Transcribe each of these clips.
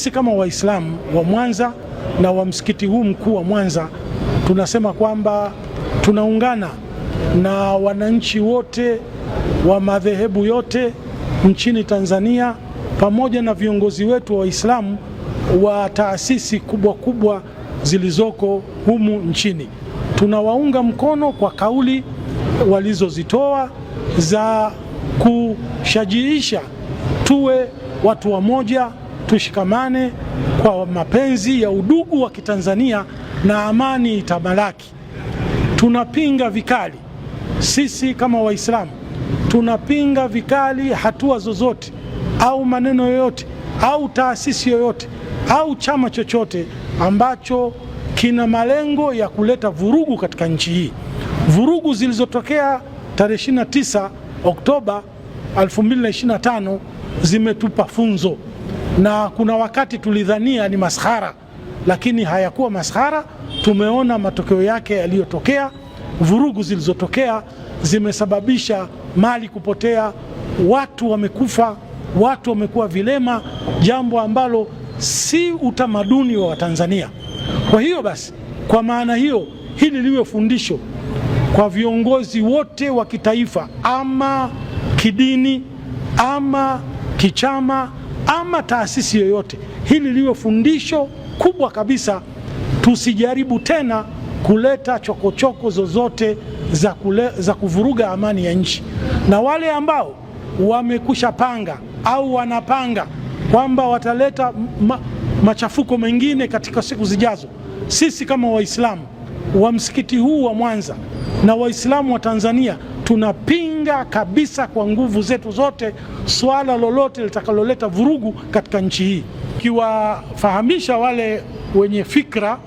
sisi kama Waislamu wa Mwanza na wa msikiti huu mkuu wa Mwanza tunasema kwamba tunaungana na wananchi wote wa madhehebu yote nchini Tanzania pamoja na viongozi wetu wa Waislamu wa taasisi kubwa kubwa zilizoko humu nchini. Tunawaunga mkono kwa kauli walizozitoa za kushajiisha tuwe watu wamoja tushikamane kwa mapenzi ya udugu wa Kitanzania na amani itamalaki. Tunapinga vikali sisi kama Waislamu, tunapinga vikali hatua zozote au maneno yoyote au taasisi yoyote au chama chochote ambacho kina malengo ya kuleta vurugu katika nchi hii. Vurugu zilizotokea tarehe 29 Oktoba 2025 zimetupa funzo na kuna wakati tulidhania ni mashara lakini hayakuwa mashara. Tumeona matokeo yake yaliyotokea, vurugu zilizotokea zimesababisha mali kupotea, watu wamekufa, watu wamekuwa vilema, jambo ambalo si utamaduni wa Watanzania. Kwa hiyo basi, kwa maana hiyo, hili liwe fundisho kwa viongozi wote wa kitaifa, ama kidini, ama kichama ama taasisi yoyote, hili liwe fundisho kubwa kabisa. Tusijaribu tena kuleta chokochoko choko zozote za, kule, za kuvuruga amani ya nchi, na wale ambao wamekusha panga au wanapanga kwamba wataleta ma, machafuko mengine katika siku zijazo, sisi kama Waislamu wa msikiti huu wa Mwanza na Waislamu wa Tanzania tunapinga kupinga kabisa kwa nguvu zetu zote swala lolote litakaloleta vurugu katika nchi hii, kiwafahamisha wale wenye fikra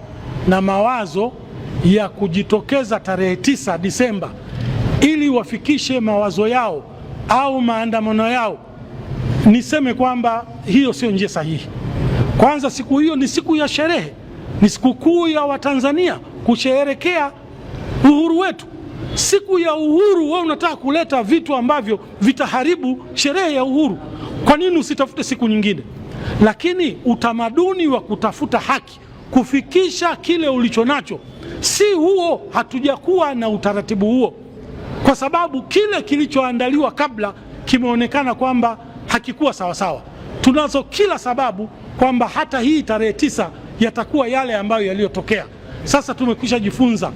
na mawazo ya kujitokeza tarehe tisa Disemba ili wafikishe mawazo yao au maandamano yao. Niseme kwamba hiyo sio njia sahihi. Kwanza, siku hiyo ni siku ya sherehe, ni sikukuu ya Watanzania kusherehekea uhuru wetu siku ya uhuru wewe unataka kuleta vitu ambavyo vitaharibu sherehe ya uhuru. Kwa nini usitafute siku nyingine? Lakini utamaduni wa kutafuta haki, kufikisha kile ulicho nacho, si huo. Hatujakuwa na utaratibu huo, kwa sababu kile kilichoandaliwa kabla kimeonekana kwamba hakikuwa sawasawa. Tunazo kila sababu kwamba hata hii tarehe tisa yatakuwa yale ambayo yaliyotokea. Sasa tumekwisha jifunza,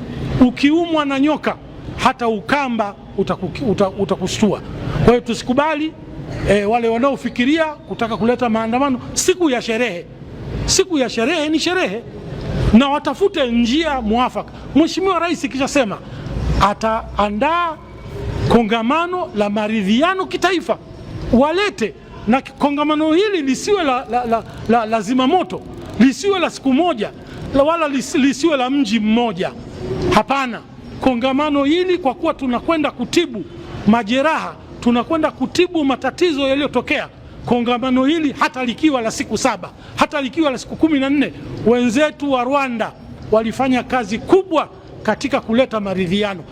ukiumwa na nyoka hata ukamba utakustua. Kwa hiyo tusikubali e, wale wanaofikiria kutaka kuleta maandamano siku ya sherehe. Siku ya sherehe ni sherehe, na watafute njia mwafaka. Mheshimiwa Rais kishasema ataandaa kongamano la maridhiano kitaifa, walete na kongamano hili lisiwe la, la, la, la, la zimamoto, lisiwe la siku moja wala lisiwe la mji mmoja. Hapana kongamano hili kwa kuwa tunakwenda kutibu majeraha, tunakwenda kutibu matatizo yaliyotokea. Kongamano hili hata likiwa la siku saba, hata likiwa la siku kumi na nne, wenzetu wa Rwanda walifanya kazi kubwa katika kuleta maridhiano,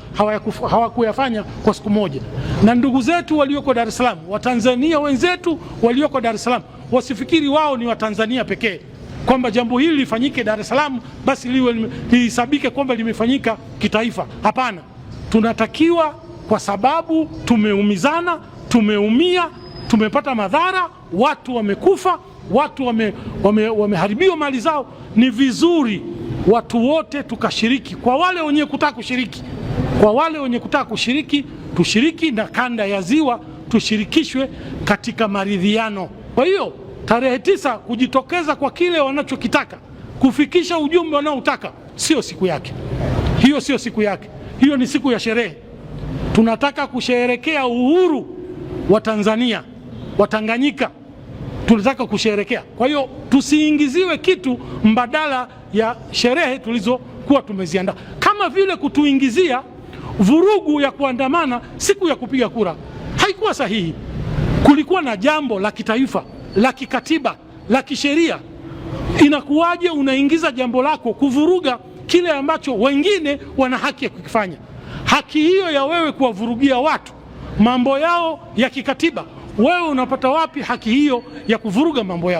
hawakuyafanya kwa siku moja. Na ndugu zetu walioko Dar es Salaam, Watanzania wenzetu walioko Dar es Salaam, wasifikiri wao ni Watanzania pekee kwamba jambo hili lifanyike Dar es Salaam basi liwe lihesabike kwamba limefanyika kitaifa. Hapana, tunatakiwa kwa sababu tumeumizana, tumeumia, tumepata madhara, watu wamekufa, watu wameharibiwa, wame, wame mali zao. Ni vizuri watu wote tukashiriki, kwa wale wenye kutaka kushiriki, kwa wale wenye kutaka kushiriki tushiriki, na kanda ya ziwa tushirikishwe katika maridhiano. Kwa hiyo tarehe tisa kujitokeza kwa kile wanachokitaka kufikisha ujumbe wanaotaka. Sio siku yake hiyo, sio siku yake hiyo, ni siku ya sherehe. Tunataka kusherekea uhuru wa Tanzania, wa Tanganyika, tunataka kusherekea. Kwa hiyo tusiingiziwe kitu mbadala ya sherehe tulizokuwa tumeziandaa, kama vile kutuingizia vurugu ya kuandamana siku ya kupiga kura. Haikuwa sahihi, kulikuwa na jambo la kitaifa la kikatiba la kisheria, inakuwaje unaingiza jambo lako kuvuruga kile ambacho wengine wana haki ya kukifanya? Haki hiyo ya wewe kuwavurugia watu mambo yao ya kikatiba, wewe unapata wapi haki hiyo ya kuvuruga mambo yao?